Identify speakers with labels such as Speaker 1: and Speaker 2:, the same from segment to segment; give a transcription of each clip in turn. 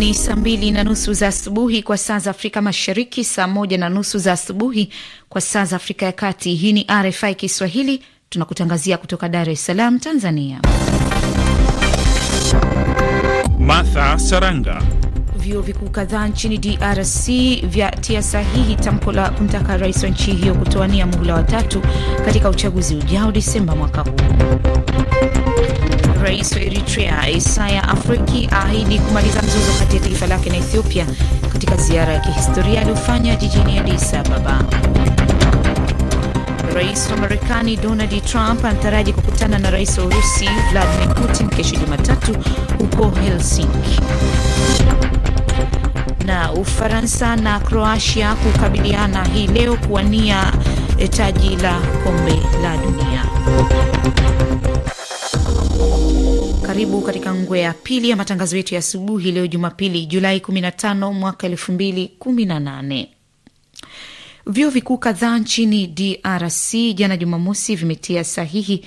Speaker 1: Ni saa mbili na nusu za asubuhi kwa saa za Afrika Mashariki, saa moja na nusu za asubuhi kwa saa za Afrika ya Kati. Hii ni RFI Kiswahili, tunakutangazia kutoka Dar es Salaam, Tanzania.
Speaker 2: Martha Saranga.
Speaker 1: Vyuo vikuu kadhaa nchini DRC vya tia sahihi tamko la kumtaka rais wa nchi hiyo kutoania muhula watatu katika uchaguzi ujao Disemba mwaka huu. Rais wa Eritrea Isaya Afriki aahidi kumaliza mzozo kati ya taifa lake na Ethiopia katika ziara ya kihistoria aliyofanya jijini Addis Ababa. Rais wa Marekani Donald Trump anataraji kukutana na rais wa Urusi Vladimir Putin kesho Jumatatu huko Helsinki. Na Ufaransa na Kroatia kukabiliana hii leo kuwania eh, taji la kombe la dunia karibu katika ngwe ya pili ya matangazo yetu ya asubuhi leo Jumapili, Julai 15 mwaka 2018. Vyuo vikuu kadhaa nchini DRC jana Jumamosi vimetia sahihi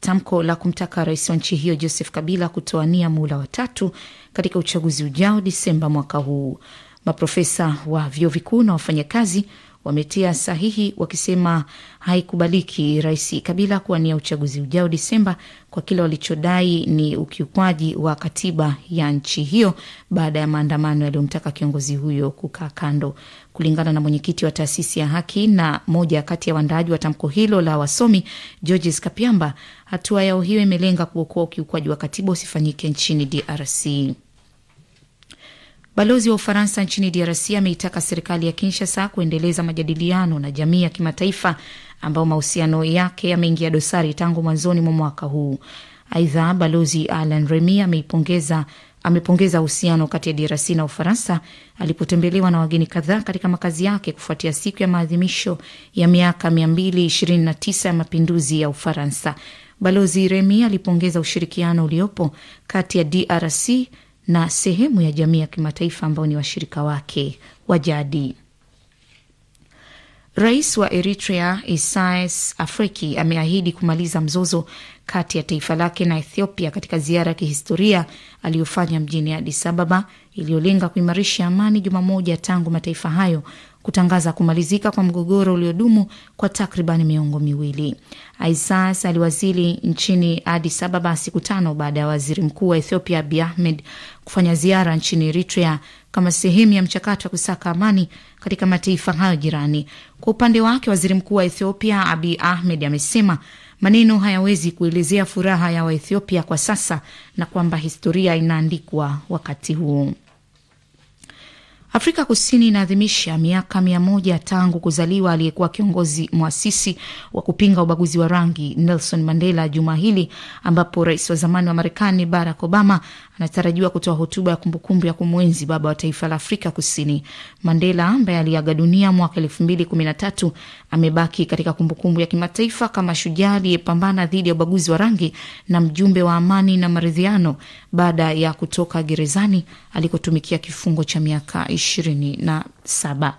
Speaker 1: tamko la kumtaka rais wa nchi hiyo Joseph Kabila kutoania muhula watatu katika uchaguzi ujao Disemba mwaka huu. Maprofesa wa vyuo vikuu na wafanyakazi wametia sahihi wakisema haikubaliki Rais Kabila kuwania uchaguzi ujao Disemba kwa kile walichodai ni ukiukwaji wa katiba ya nchi hiyo baada ya maandamano yaliyomtaka kiongozi huyo kukaa kando. Kulingana na mwenyekiti wa taasisi ya haki na moja kati ya waandaaji wa tamko hilo la wasomi Georges Kapiamba, hatua yao hiyo imelenga kuokoa ukiukwaji wa katiba usifanyike nchini DRC. Balozi wa Ufaransa nchini DRC ameitaka serikali ya Kinshasa kuendeleza majadiliano na jamii ya kimataifa ambayo mahusiano yake yameingia dosari tangu mwanzoni mwa mwaka huu. Aidha, balozi Alan Remy ameipongeza amepongeza uhusiano kati ya DRC na Ufaransa alipotembelewa na wageni kadhaa katika makazi yake kufuatia siku ya maadhimisho ya miaka 229 ya mapinduzi ya Ufaransa. Balozi Remy alipongeza ushirikiano uliopo kati ya DRC na sehemu ya jamii ya kimataifa ambao ni washirika wake wa jadi. Rais wa Eritrea Isaias Afwerki ameahidi kumaliza mzozo kati ya taifa lake na Ethiopia katika ziara ya kihistoria aliyofanya mjini Addis Ababa iliyolenga kuimarisha amani, juma moja tangu mataifa hayo kutangaza kumalizika kwa mgogoro uliodumu kwa takriban miongo miwili. Isas aliwasili nchini Addis Ababa siku tano baada ya waziri mkuu wa Ethiopia Abiy Ahmed kufanya ziara nchini Eritrea kama sehemu ya mchakato wa kusaka amani katika mataifa hayo jirani. Kwa upande wake, waziri mkuu wa Ethiopia Abiy Ahmed amesema maneno hayawezi kuelezea furaha ya Waethiopia kwa sasa na kwamba historia inaandikwa wakati huu. Afrika Kusini inaadhimisha miaka mia moja tangu kuzaliwa aliyekuwa kiongozi mwasisi wa kupinga ubaguzi wa rangi Nelson Mandela juma hili, ambapo rais wa zamani wa Marekani Barack Obama anatarajiwa kutoa hotuba ya kumbukumbu ya kumwenzi baba wa taifa la Afrika Kusini Mandela, ambaye aliaga dunia mwaka elfu mbili kumi na tatu. Amebaki katika kumbukumbu ya kimataifa kama shujaa aliyepambana dhidi ya ubaguzi wa rangi na mjumbe wa amani na maridhiano, baada ya kutoka gerezani alikotumikia kifungo cha miaka ishirini na saba.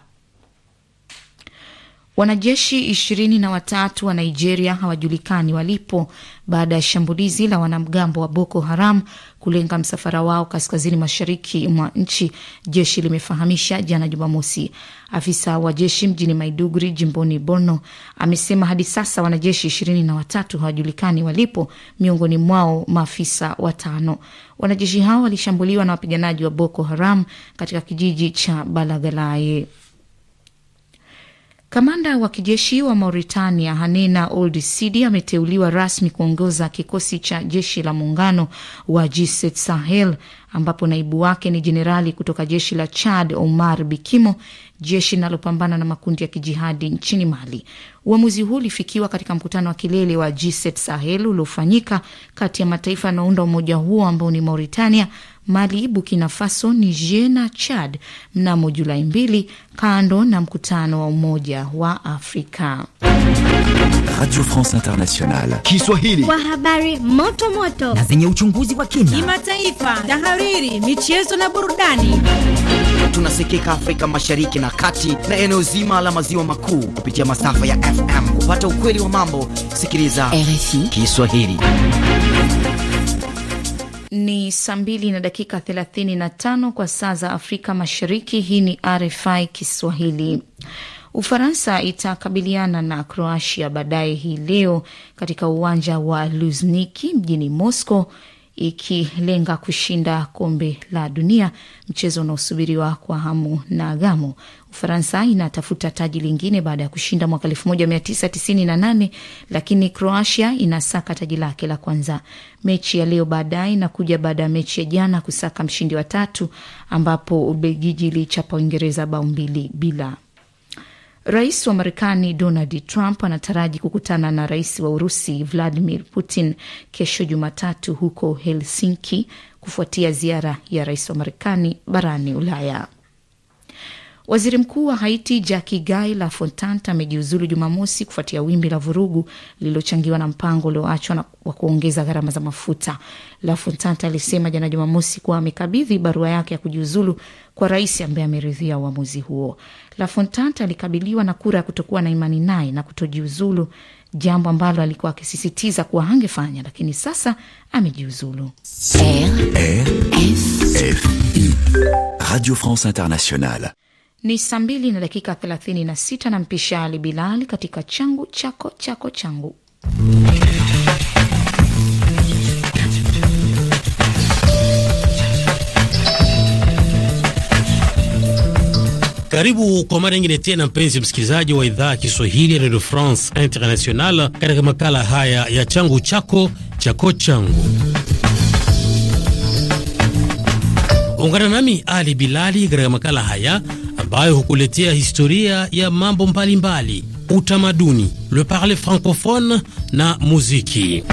Speaker 1: Wanajeshi ishirini na watatu wa Nigeria hawajulikani walipo baada ya shambulizi la wanamgambo wa Boko Haram kulenga msafara wao kaskazini mashariki mwa nchi, jeshi limefahamisha jana Jumamosi. Afisa wa jeshi mjini Maiduguri jimboni Borno amesema hadi sasa wanajeshi ishirini na watatu hawajulikani walipo, miongoni mwao maafisa watano. Wanajeshi hao walishambuliwa na wapiganaji wa Boko Haram katika kijiji cha Balagalaye. Kamanda wa kijeshi wa Mauritania Hanena old Sidi ameteuliwa rasmi kuongoza kikosi cha jeshi la muungano wa G7 Sahel ambapo naibu wake ni jenerali kutoka jeshi la Chad Omar Bikimo, jeshi linalopambana na makundi ya kijihadi nchini Mali. Uamuzi huu ulifikiwa katika mkutano wa kilele wa G7 Sahel uliofanyika kati ya mataifa yanaounda umoja huo ambao ni Mauritania, Mali, Burkina Faso, Niger na Chad mnamo Julai mbili, kando na mkutano wa Umoja wa Afrika.
Speaker 2: Radio France Internationale Kiswahili kwa
Speaker 1: habari moto moto na
Speaker 2: zenye uchunguzi wa kina,
Speaker 1: kimataifa, tahariri, michezo na burudani.
Speaker 2: Tunasikika Afrika Mashariki na
Speaker 3: Kati na eneo zima la maziwa makuu kupitia masafa ya FM. Kupata ukweli wa mambo,
Speaker 2: sikiliza RFI
Speaker 1: Kiswahili ni saa mbili na dakika thelathini na tano kwa saa za Afrika Mashariki. Hii ni RFI Kiswahili. Ufaransa itakabiliana na Kroatia baadaye hii leo katika uwanja wa Luzhniki mjini Moscow, ikilenga kushinda kombe la dunia, mchezo unaosubiriwa kwa hamu na ghamu. Ufaransa inatafuta taji lingine baada ya kushinda mwaka 1998 lakini Croatia inasaka taji lake la kwanza. Mechi ya leo baadaye inakuja baada ya mechi ya jana kusaka mshindi wa tatu, ambapo Ubelgiji ilichapa Uingereza bao mbili bila. Rais wa Marekani Donald Trump anataraji kukutana na rais wa Urusi Vladimir Putin kesho Jumatatu huko Helsinki kufuatia ziara ya rais wa Marekani barani Ulaya. Waziri mkuu wa Haiti Jaki Gai La Fontant amejiuzulu Jumamosi kufuatia wimbi la vurugu lililochangiwa na mpango ulioachwa wa kuongeza gharama za mafuta. La Fontant alisema jana Jumamosi kuwa amekabidhi barua yake ya kujiuzulu kwa rais ambaye ameridhia uamuzi huo. La Fontant alikabiliwa na kura ya kutokuwa na imani naye na kutojiuzulu, jambo ambalo alikuwa akisisitiza kuwa hangefanya, lakini sasa amejiuzulu.
Speaker 2: Radio France Internationale.
Speaker 1: Ni saa mbili na dakika thelathini na mpisha Ali Bilali katika changu chako chako changu.
Speaker 4: Karibu kwa mara nyingine tena, mpenzi msikilizaji wa idhaa ya Kiswahili ya Radio France International, katika makala haya ya changu chako chako changu. Ungana nami Ali Bilali katika makala haya ambayo hukuletea historia ya mambo mbalimbali, utamaduni, le parler francophone na muziki.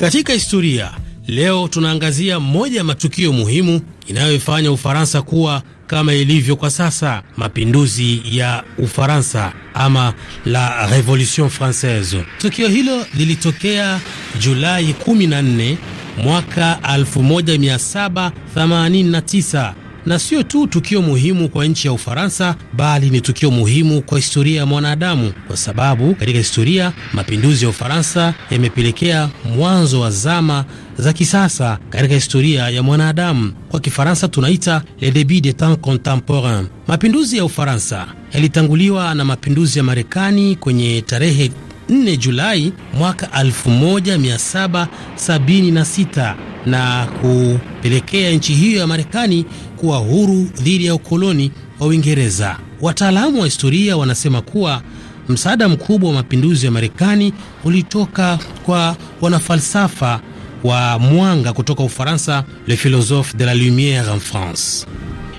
Speaker 4: Katika historia leo tunaangazia moja ya matukio muhimu inayoifanya Ufaransa kuwa kama ilivyo kwa sasa, mapinduzi ya Ufaransa ama la Revolution Francaise. Tukio hilo lilitokea Julai 14 mwaka 1789 na sio tu tukio muhimu kwa nchi ya Ufaransa, bali ni tukio muhimu kwa historia ya mwanadamu, kwa sababu katika historia mapinduzi ya Ufaransa yamepelekea mwanzo wa zama za kisasa katika historia ya mwanadamu. Kwa Kifaransa tunaita le début des temps contemporains. Mapinduzi ya Ufaransa yalitanguliwa na mapinduzi ya Marekani kwenye tarehe 4 Julai mwaka 1776 na kupelekea nchi hiyo ya Marekani kuwa huru dhidi ya ukoloni wa Uingereza. Wataalamu wa historia wanasema kuwa msaada mkubwa wa mapinduzi ya Marekani ulitoka kwa wanafalsafa wa mwanga kutoka Ufaransa, le philosophe de la lumiere en France.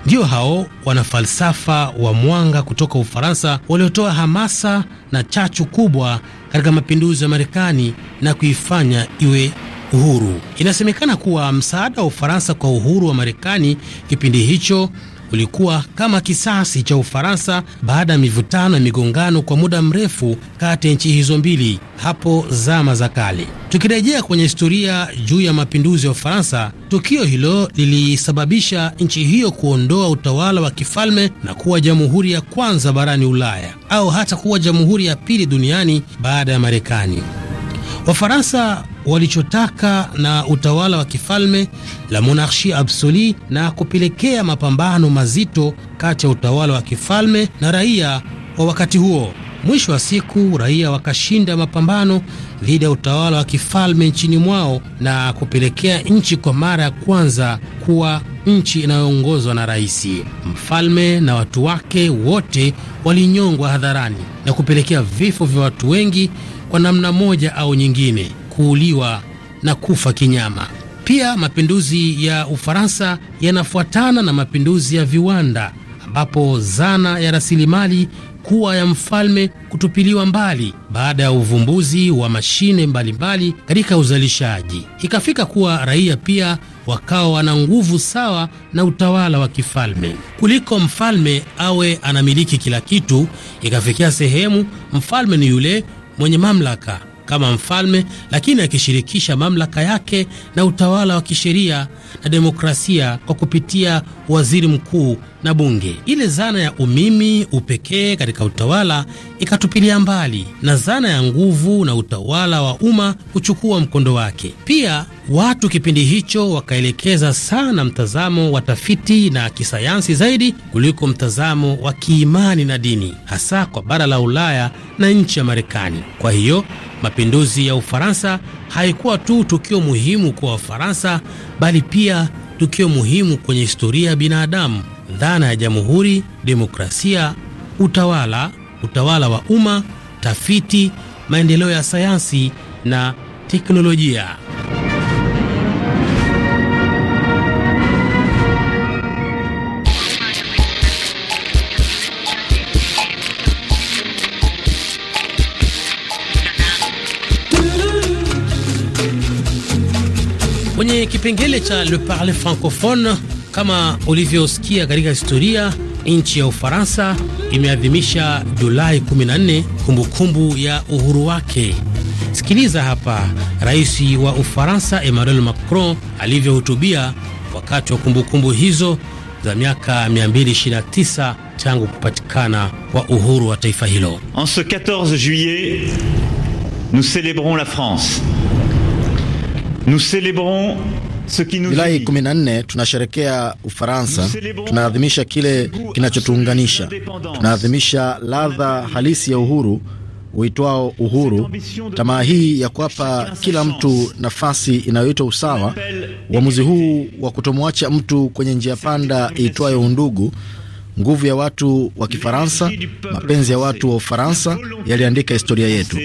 Speaker 4: Ndiyo hao wanafalsafa wa mwanga kutoka Ufaransa waliotoa hamasa na chachu kubwa katika mapinduzi ya Marekani na kuifanya iwe uhuru. Inasemekana kuwa msaada wa Ufaransa kwa uhuru wa Marekani kipindi hicho ulikuwa kama kisasi cha Ufaransa baada ya mivutano ya migongano kwa muda mrefu kati ya nchi hizo mbili hapo zama za kale. Tukirejea kwenye historia juu ya mapinduzi ya Ufaransa, tukio hilo lilisababisha nchi hiyo kuondoa utawala wa kifalme na kuwa jamhuri ya kwanza barani Ulaya au hata kuwa jamhuri ya pili duniani baada ya Marekani. Wafaransa walichotaka na utawala wa kifalme la monarchi absoli na kupelekea mapambano mazito kati ya utawala wa kifalme na raia wa wakati huo. Mwisho wa siku raia wakashinda mapambano dhidi ya utawala wa kifalme nchini mwao na kupelekea nchi kwa mara ya kwanza kuwa nchi inayoongozwa na rais. Mfalme na watu wake wote walinyongwa hadharani na kupelekea vifo vya watu wengi kwa namna moja au nyingine kuuliwa na kufa kinyama. Pia mapinduzi ya Ufaransa yanafuatana na mapinduzi ya viwanda, ambapo zana ya rasilimali kuwa ya mfalme kutupiliwa mbali baada ya uvumbuzi wa mashine mbalimbali katika uzalishaji, ikafika kuwa raia pia wakawa wana nguvu sawa na utawala wa kifalme, kuliko mfalme awe anamiliki kila kitu. Ikafikia sehemu mfalme ni yule mwenye mamlaka kama mfalme, lakini akishirikisha mamlaka yake na utawala wa kisheria na demokrasia kwa kupitia waziri mkuu na bunge. Ile zana ya umimi, upekee katika utawala ikatupilia mbali na zana ya nguvu na utawala wa umma kuchukua mkondo wake. Pia watu kipindi hicho wakaelekeza sana mtazamo wa tafiti na kisayansi zaidi kuliko mtazamo wa kiimani na dini, hasa kwa bara la Ulaya na nchi ya Marekani. Kwa hiyo Mapinduzi ya Ufaransa haikuwa tu tukio muhimu kwa Wafaransa, bali pia tukio muhimu kwenye historia ya binadamu, dhana ya jamhuri, demokrasia, utawala, utawala wa umma, tafiti, maendeleo ya sayansi na teknolojia. Kwenye kipengele cha Le Parle Francophone, kama ulivyosikia katika historia, nchi ya Ufaransa imeadhimisha Julai 14 kumbukumbu ya uhuru wake. Sikiliza hapa rais wa Ufaransa Emmanuel Macron alivyohutubia wakati wa kumbukumbu hizo za miaka 229 tangu kupatikana kwa uhuru wa taifa hilo.
Speaker 3: En ce 14 juillet
Speaker 4: nous célébrons la France Julai 14 tunasherekea Ufaransa, tunaadhimisha kile kinachotuunganisha, tunaadhimisha ladha halisi ya uhuru uitwao uhuru. Tamaa hii ya kuwapa kila mtu nafasi inayoitwa usawa, uamuzi huu wa kutomwacha mtu kwenye njia panda iitwayo undugu Nguvu ya watu wa Kifaransa, mapenzi ya watu wa Ufaransa yaliandika historia yetu.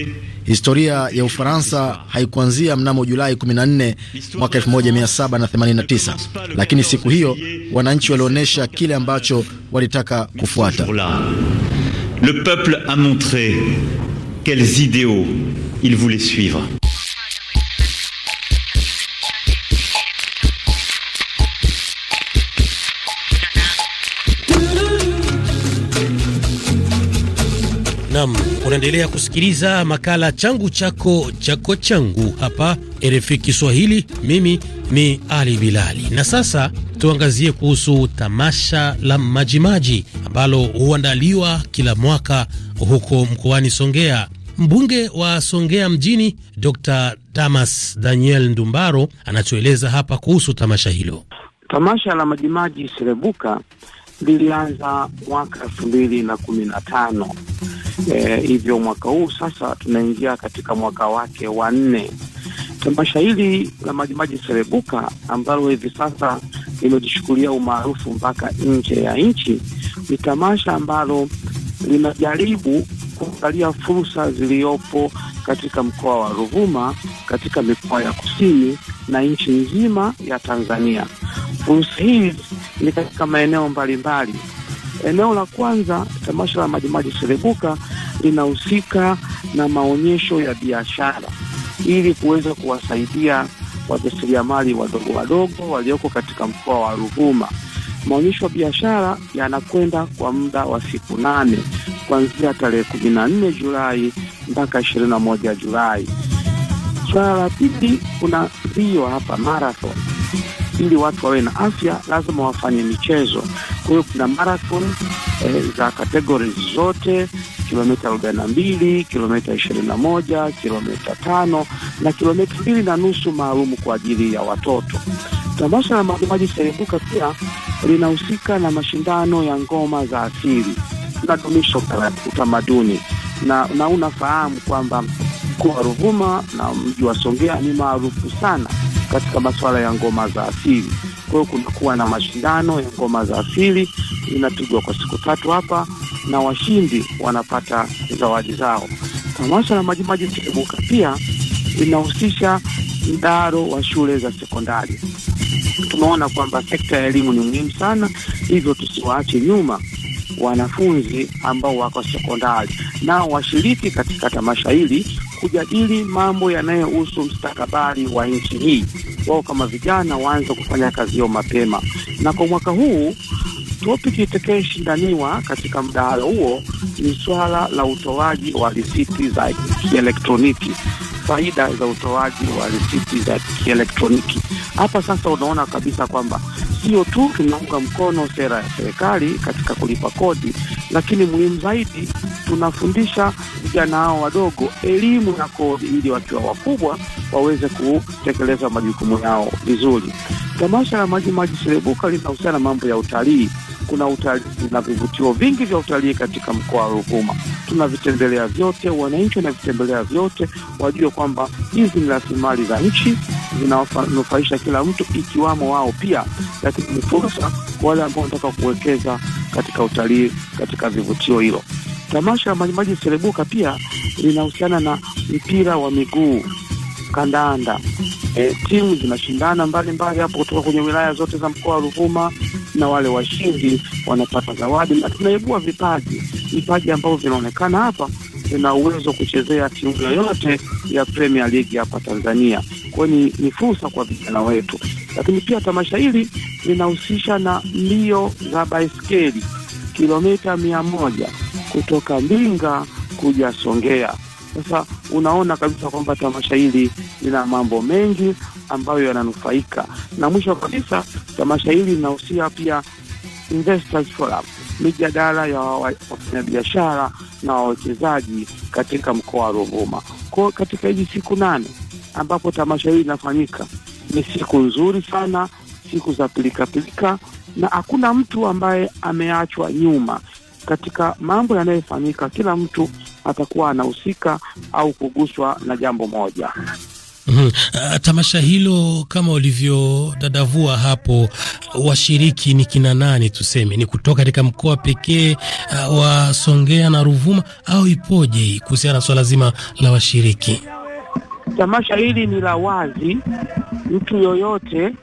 Speaker 4: Historia ya Ufaransa haikuanzia mnamo Julai 14 mwaka 1789, lakini siku hiyo wananchi walionyesha kile ambacho walitaka kufuata.
Speaker 3: Le peuple a montre quels ideaux
Speaker 2: il voulait suivre.
Speaker 4: Nam Unaendelea kusikiliza makala changu chako chako changu hapa RFI Kiswahili. Mimi ni Ali Bilali, na sasa tuangazie kuhusu tamasha la Majimaji ambalo huandaliwa kila mwaka huko mkoani Songea. Mbunge wa Songea mjini Dr. Damas Daniel Ndumbaro anatueleza hapa kuhusu tamasha hilo.
Speaker 5: Tamasha la Majimaji Serebuka lilianza mwaka elfu mbili na kumi na tano E, hivyo mwaka huu sasa tunaingia katika mwaka wake wa nne. Tamasha hili la Majimaji Serebuka ambalo hivi sasa limejishughulia umaarufu mpaka nje ya nchi, ni tamasha ambalo linajaribu kuangalia fursa ziliyopo katika mkoa wa Ruvuma, katika mikoa ya kusini na nchi nzima ya Tanzania. Fursa hii ni katika maeneo mbalimbali Eneo la kwanza, tamasha la Majimaji Serebuka linahusika na maonyesho ya biashara ili kuweza kuwasaidia wajasiriamali wadogo wadogo walioko katika mkoa wa Ruvuma. Maonyesho ya biashara yanakwenda kwa muda wa siku nane kuanzia tarehe kumi na nne Julai mpaka ishirini na moja Julai. Swala la pili, kuna mbio hapa marathon. Ili watu wawe na afya lazima wafanye michezo. Kwa hiyo kuna marathon e, za kategori zote kilomita na mbili kilomita ishirini na moja kilomita tano na kilomita mbili na nusu maalum kwa ajili ya watoto. Tamasha la Majimaji Serebuka pia linahusika na mashindano ya ngoma za asili. Tunadumisha utamaduni na, na unafahamu kwamba mkoa wa Ruvuma na mji wa Songea ni maarufu sana katika masuala ya ngoma za asili. Kwa hiyo kunakuwa na mashindano ya ngoma za asili, inapigwa kwa siku tatu hapa na washindi wanapata zawadi zao. Tamasha la Majimaji Sikubuka pia linahusisha mdaro wa shule za sekondari. Tumeona kwamba sekta ya elimu ni muhimu sana, hivyo tusiwaache nyuma wanafunzi ambao wako sekondari, nao washiriki katika tamasha hili kujadili mambo yanayohusu mstakabali wa nchi hii wao kama vijana waanze kufanya kazi yao mapema. Na kwa mwaka huu topiki shindaniwa katika mdahalo huo ni swala la utoaji wa risiti za kielektroniki, faida za utoaji wa risiti za kielektroniki. Hapa sasa unaona kabisa kwamba sio tu tunaunga mkono sera ya serikali katika kulipa kodi lakini muhimu zaidi tunafundisha vijana hao wadogo elimu na kodi ili wakiwa wakubwa waweze kutekeleza majukumu yao vizuri. Tamasha la Maji Maji Serebuka linahusiana na mambo ya utalii. Kuna utalii na vivutio vingi vya utalii katika mkoa wa Ruvuma, tunavitembelea vyote, wananchi wanavitembelea vyote, wajue kwamba hizi ni rasilimali za nchi zinanufaisha kila mtu, ikiwamo wao pia, lakini ni fursa kwa wale ambao wanataka kuwekeza katika utalii katika vivutio hilo. Tamasha la Majimaji Serebuka pia linahusiana na mpira wa miguu kandanda. E, timu zinashindana mbalimbali hapo kutoka kwenye wilaya zote za mkoa wa Ruvuma, na wale washindi wanapata zawadi, na tunaibua vipaji vipaji ambavyo vinaonekana hapa vina uwezo wa kuchezea timu yoyote ya Premier League hapa Tanzania. Kwa ni, ni fursa kwa vijana wetu. Lakini pia tamasha hili linahusisha na mbio za baiskeli kilomita mia moja kutoka Mbinga kuja Songea. Sasa unaona kabisa kwamba tamasha hili lina mambo mengi ambayo yananufaika, na mwisho kabisa tamasha hili linahusia pia Investors Forum, mijadala ya wafanyabiashara na wawekezaji katika mkoa wa Ruvuma. Kwa katika hizi siku nane ambapo tamasha hili linafanyika, ni siku nzuri sana, siku za pilikapilika, na hakuna mtu ambaye ameachwa nyuma katika mambo yanayofanyika. Kila mtu atakuwa anahusika au kuguswa na jambo moja.
Speaker 4: Mm -hmm. Tamasha hilo kama ulivyodadavua hapo, washiriki ni kina nani? Tuseme ni kutoka katika mkoa pekee ah, wa Songea na Ruvuma au ipoje kuhusiana na swala zima la washiriki?
Speaker 5: Tamasha hili ni la wazi, mtu yoyote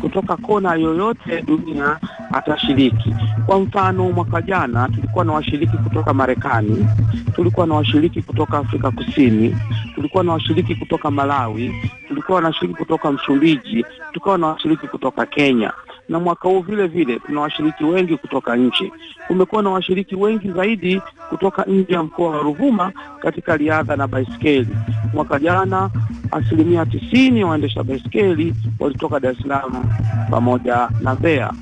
Speaker 5: kutoka kona yoyote dunia atashiriki. Kwa mfano, mwaka jana tulikuwa na washiriki kutoka Marekani, tulikuwa na washiriki kutoka Afrika Kusini, tulikuwa na washiriki kutoka Malawi, tulikuwa na washiriki kutoka Msumbiji, tulikuwa na washiriki kutoka Kenya na mwaka huu vile vile tuna washiriki wengi kutoka nje. Kumekuwa na washiriki wengi zaidi kutoka nje ya mkoa wa Ruvuma katika riadha na baiskeli. Mwaka jana asilimia tisini waendesha baiskeli walitoka Dar es Salaam pamoja na Mbeya.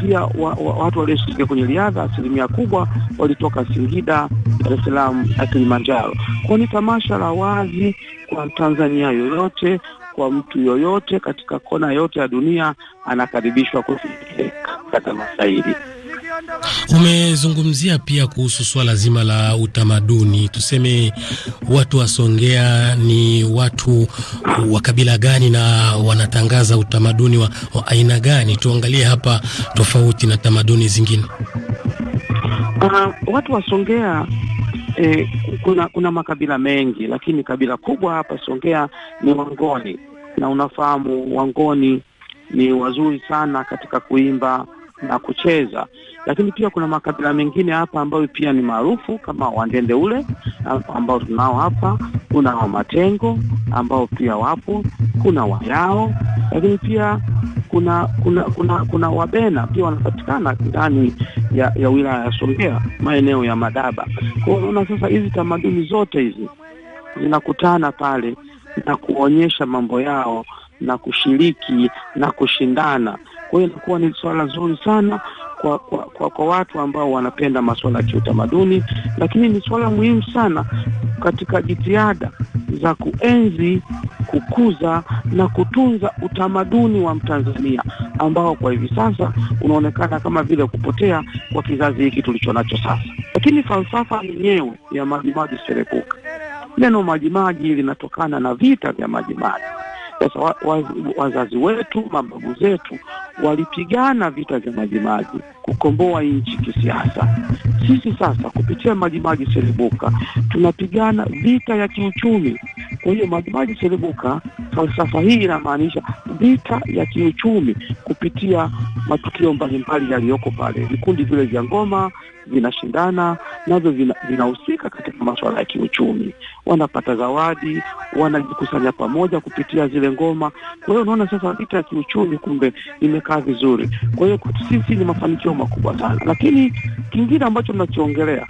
Speaker 5: Pia wa, wa, watu walioshiriki kwenye riadha asilimia kubwa walitoka Singida, Dar es Salaam na Kilimanjaro. Kwa ni tamasha la wazi kwa Tanzania yoyote kwa mtu yoyote katika kona yote ya dunia anakaribishwa kufika kata masairi.
Speaker 4: Umezungumzia pia kuhusu swala zima la utamaduni. Tuseme watu wa Songea ni watu wa kabila gani na wanatangaza utamaduni wa, wa aina gani? Tuangalie hapa tofauti na tamaduni zingine.
Speaker 5: Uh, watu wasongea e, kuna kuna makabila mengi, lakini kabila kubwa hapa Songea ni Wangoni, na unafahamu Wangoni ni wazuri sana katika kuimba na kucheza, lakini pia kuna makabila mengine hapa ambayo pia ni maarufu kama Wandende ule ambao tunao hapa, kuna Wamatengo ambao pia wapo, kuna Wayao, lakini pia kuna kuna kuna kuna Wabena pia wanapatikana ndani ya, ya wilaya ya Songea maeneo ya Madaba. Kwa hiyo unaona sasa hizi tamaduni zote hizi zinakutana pale na kuonyesha mambo yao na kushiriki na kushindana. Kwa hiyo ilikuwa ni swala zuri sana kwa, kwa, kwa, kwa watu ambao wanapenda masuala ya kiutamaduni, lakini ni swala muhimu sana katika jitihada za kuenzi, kukuza na kutunza utamaduni wa Mtanzania ambao kwa hivi sasa unaonekana kama vile kupotea kwa kizazi hiki tulicho nacho sasa. Lakini falsafa yenyewe ya Majimaji Serebuka, neno Majimaji linatokana na vita vya Majimaji. Sasa wazazi wetu mababu zetu walipigana vita vya Majimaji kukomboa nchi kisiasa. Sisi sasa kupitia Majimaji Selibuka tunapigana vita ya kiuchumi. Kwa hiyo Majimaji Selibuka, falsafa hii inamaanisha vita ya kiuchumi kupitia matukio mbalimbali yaliyoko pale. Vikundi vile vya ngoma vinashindana navyo, vinahusika vina katika masuala ya kiuchumi, wanapata zawadi, wanajikusanya pamoja kupitia zile ngoma. Kwa hiyo unaona sasa vita ya kiuchumi kumbe ime imekaa vizuri. Kwa hiyo kwetu sisi ni mafanikio makubwa sana, lakini kingine ambacho mnakiongelea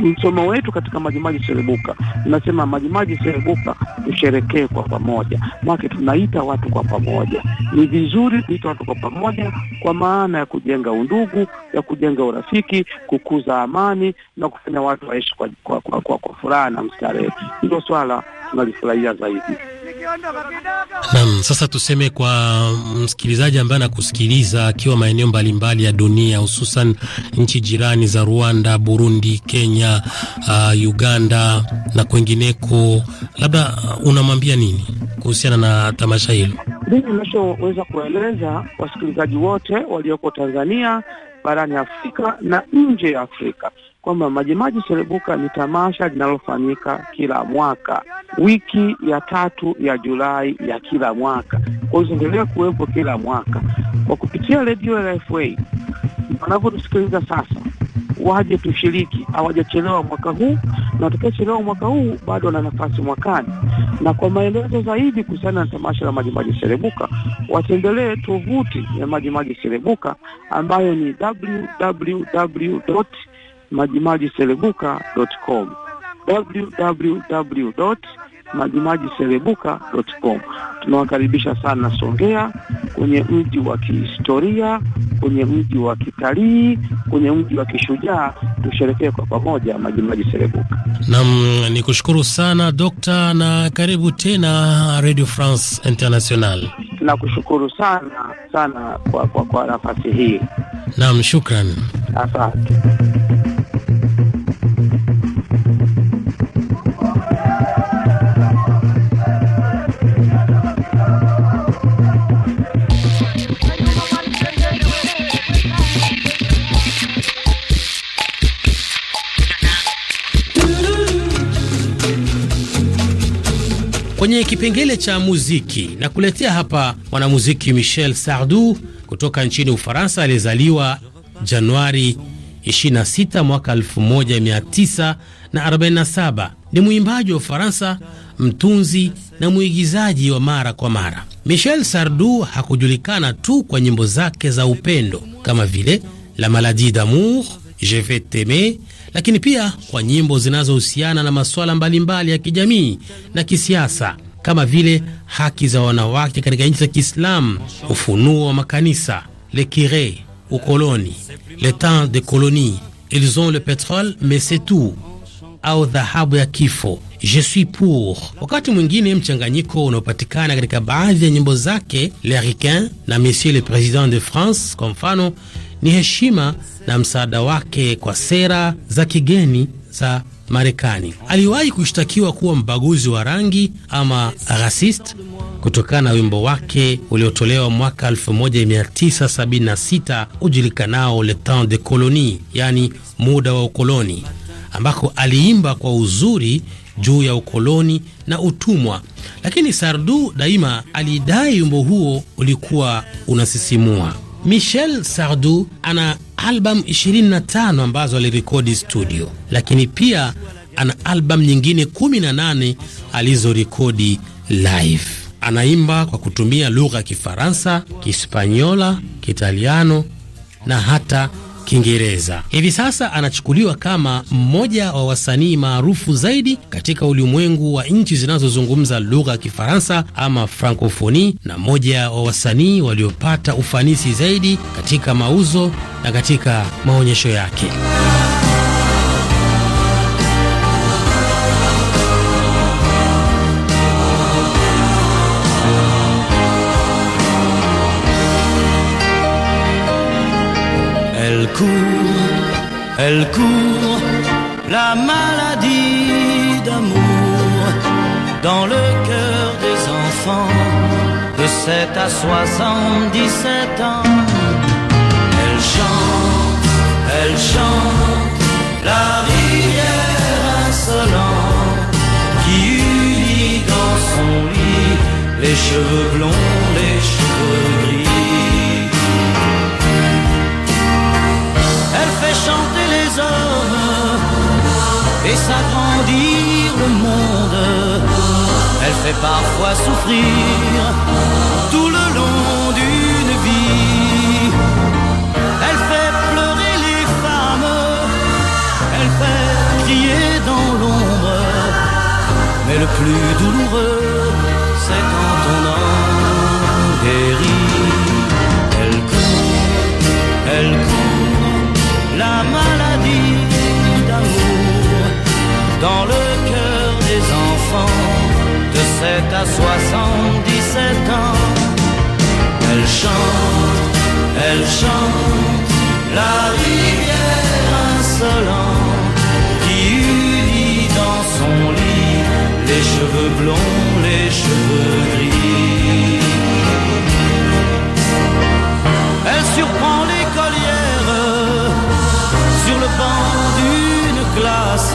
Speaker 5: msomo wetu katika Majimaji Serebuka unasema Majimaji Serebuka tusherekee kwa pamoja, make tunaita watu kwa pamoja. Ni vizuri kuita watu kwa pamoja kwa maana ya kujenga undugu, ya kujenga urafiki, kukuza amani na kufanya watu waishi kwa, kwa, kwa, kwa, kwa furaha na mstarehe. Hilo swala tunalifurahia zaidi.
Speaker 4: Naam, sasa tuseme kwa msikilizaji ambaye anakusikiliza akiwa maeneo mbalimbali ya dunia, hususan nchi jirani za Rwanda, Burundi, Kenya Kenya, uh, Uganda na kwengineko, labda uh, unamwambia nini kuhusiana na tamasha hilo?
Speaker 5: Mimi ninachoweza kueleza wasikilizaji wote walioko Tanzania, barani Afrika na nje ya Afrika kwamba Majimaji Serebuka ni tamasha linalofanyika kila mwaka wiki ya tatu ya Julai ya kila mwaka, kwa hiyo ziendelea kuwepo kila mwaka kwa kupitia redio RFA wanavyotusikiliza sasa waje tushiriki, hawajachelewa mwaka huu, na watakaochelewa mwaka huu bado wana nafasi mwakani. Na kwa maelezo zaidi kuhusiana na tamasha la Majimaji Serebuka, watembelee tovuti ya Majimaji Serebuka ambayo ni www.majimajiserebuka.com www Majimaji Serebuka com. Tunawakaribisha sana Songea, kwenye mji wa kihistoria, kwenye mji wa kitalii, kwenye mji wa kishujaa. Tusherekee kwa pamoja Majimaji Serebuka.
Speaker 4: Nam ni kushukuru sana Dokta na karibu tena Radio France International. Nakushukuru
Speaker 5: sana sana kwa, kwa, kwa nafasi hii.
Speaker 4: Nam, shukran,
Speaker 5: asante.
Speaker 4: Kwenye kipengele cha muziki na kuletea hapa mwanamuziki Michel Sardou kutoka nchini Ufaransa aliyezaliwa Januari 26 mwaka 1947. Ni mwimbaji wa Ufaransa, mtunzi na mwigizaji wa mara kwa mara. Michel Sardou hakujulikana tu kwa nyimbo zake za upendo kama vile La Maladie d'Amour, Je vais t'aimer lakini pia kwa nyimbo zinazohusiana na masuala mbalimbali ya kijamii na kisiasa kama vile haki za wanawake katika nchi za Kiislamu, ufunuo wa makanisa, le kire, ukoloni, le temps de colonie, ils ont le petrole mais c'est tout au dhahabu ya kifo Je suis pour. Wakati mwingine mchanganyiko unaopatikana katika baadhi ya nyimbo zake, le Ricains na Monsieur le President de France, kwa mfano ni heshima na msaada wake kwa sera za kigeni za Marekani. Aliwahi kushtakiwa kuwa mbaguzi wa rangi ama rasist kutokana na wimbo wake uliotolewa mwaka 1976 ujulikanao Le Temps de Colonie, yaani muda wa ukoloni, ambako aliimba kwa uzuri juu ya ukoloni na utumwa, lakini Sardu daima alidai wimbo huo ulikuwa unasisimua. Michel Sardou ana albamu 25 ambazo alirekodi studio, lakini pia ana albamu nyingine 18 alizorekodi live. Anaimba kwa kutumia lugha ya Kifaransa, Kispanyola, Kitaliano na hata Kiingereza. Hivi sasa anachukuliwa kama mmoja wa wasanii maarufu zaidi katika ulimwengu wa nchi zinazozungumza lugha ya Kifaransa ama Frankofoni, na mmoja wa wasanii waliopata ufanisi zaidi katika mauzo na katika maonyesho yake.
Speaker 3: court, elle court, la maladie d'amour dans le cœur des enfants de 7 à 77 ans. Elle chante, elle chante, la rivière insolente qui unit dans son lit les cheveux blonds, les cheveux gris chanter les hommes et s'agrandir le monde. Elle fait parfois souffrir tout le long d'une vie. Elle fait pleurer les femmes, elle fait crier dans l'ombre. Mais le plus douloureux, c'est quand dans le cœur des enfants de 7 à 77 ans. Elle chante, elle chante la rivière insolente qui unit dans son lit les cheveux blonds, les cheveux gris. Elle surprend l'écolière sur le banc d'une classe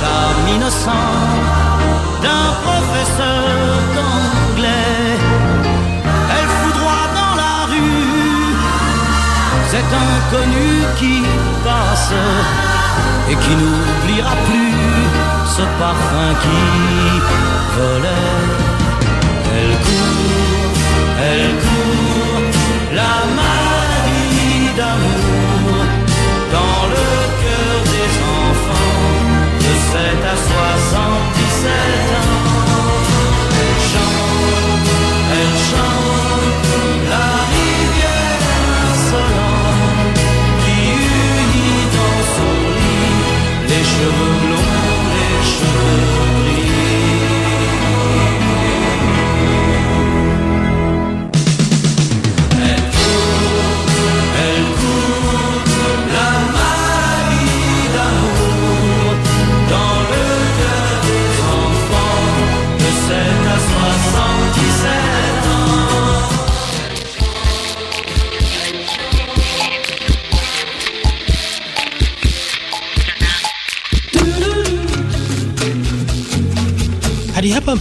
Speaker 3: charme innocent d'un professeur d'anglais. Elle foudroie dans la rue cet inconnu qui passe et qui n'oubliera plus ce parfum qui volait. Elle court, elle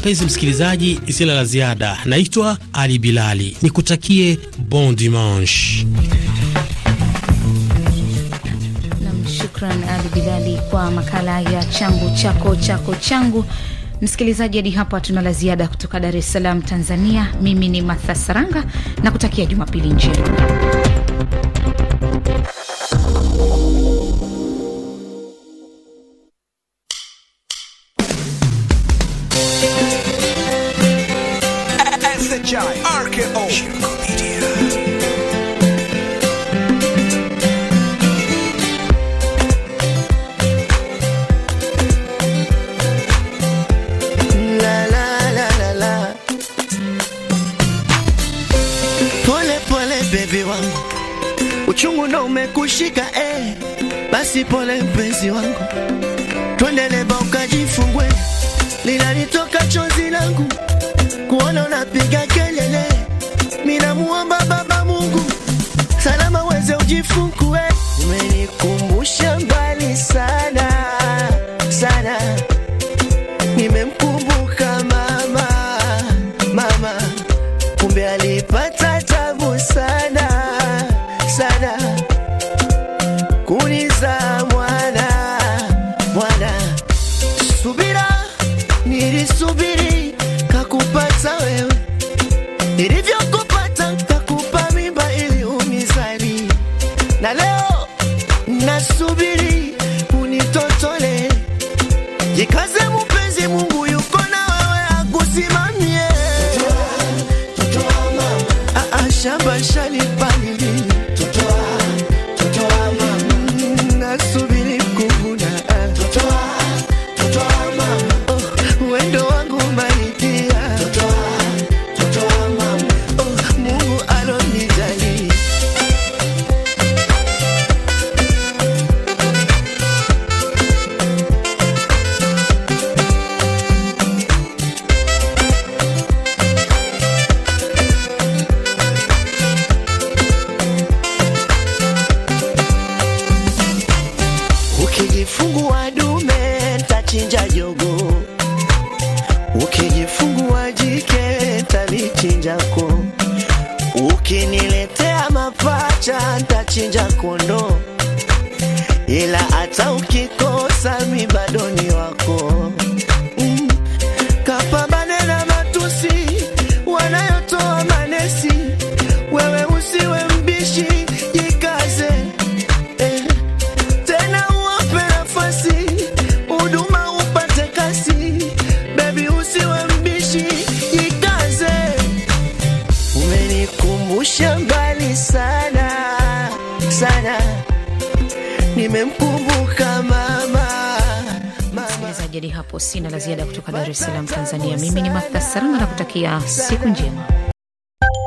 Speaker 4: mpenzi msikilizaji, sina la ziada. Naitwa Ali Bilali, nikutakie bon dimanche.
Speaker 1: Shukran Ali Bilali kwa makala ya changu chako chako changu. Msikilizaji, hadi hapa tuna la ziada kutoka Dar es Salaam, Tanzania. Mimi ni matha Saranga na kutakia Jumapili njema.
Speaker 2: DJ RKO Media. uchungu ndo umekushika eh, basi pole mpenzi wangu, twendele baukajifungue, linalitoka chozi langu kuona unapiga kelele, minamuomba Baba Mungu salama weze ujifungue. Umenikumbusha mbali sana sana
Speaker 1: a secundino.